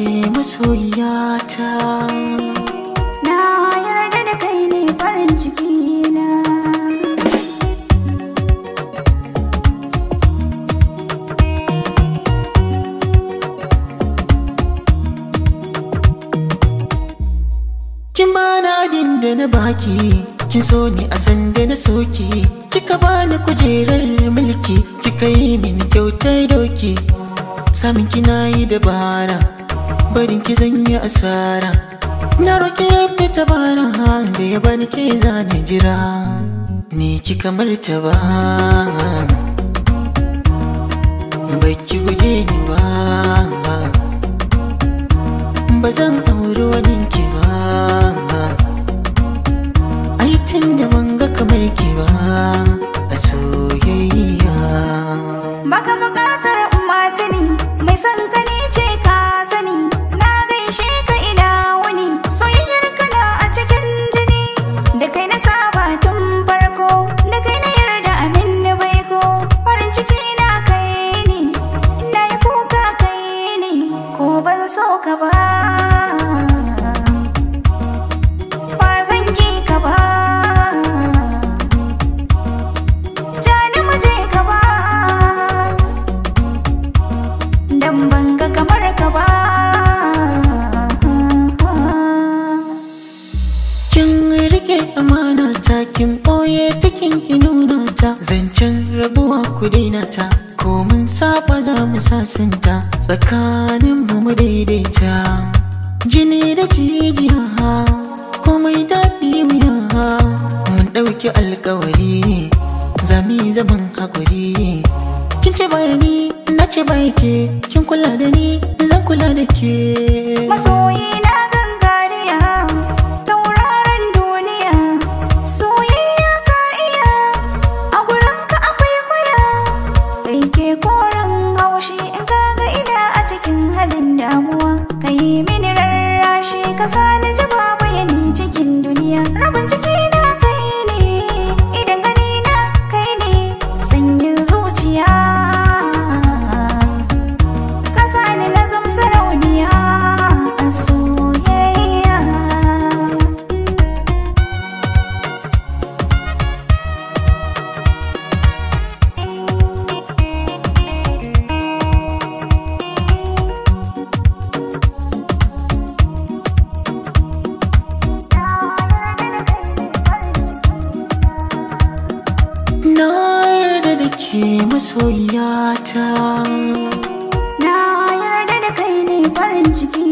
ke masoyiyata na yarda da kai ne farin ciki na kin bana abin da na baki kin so ni a sanda na soki kika bani kujerar mulki kika yi mini kyautar doki samin kina yi dabara barin ki zan yi asara na roƙi rabbi ta bana da ya bani ke zane jira ni ki kamar ta ba baki guje ni ba ba zan take amana ta kin boye cikin ki ta zancen rabuwa ku daina ta ko mun saba za mu sasinta tsakanin mu mu daidaita jini da jijiya komai daɗi wuya mun ɗauki alkawari zami zaman hakuri kin ce bayani na ce ba ke kin kula da ni zan kula da ke masoyata na yarda da kai ne farin ciki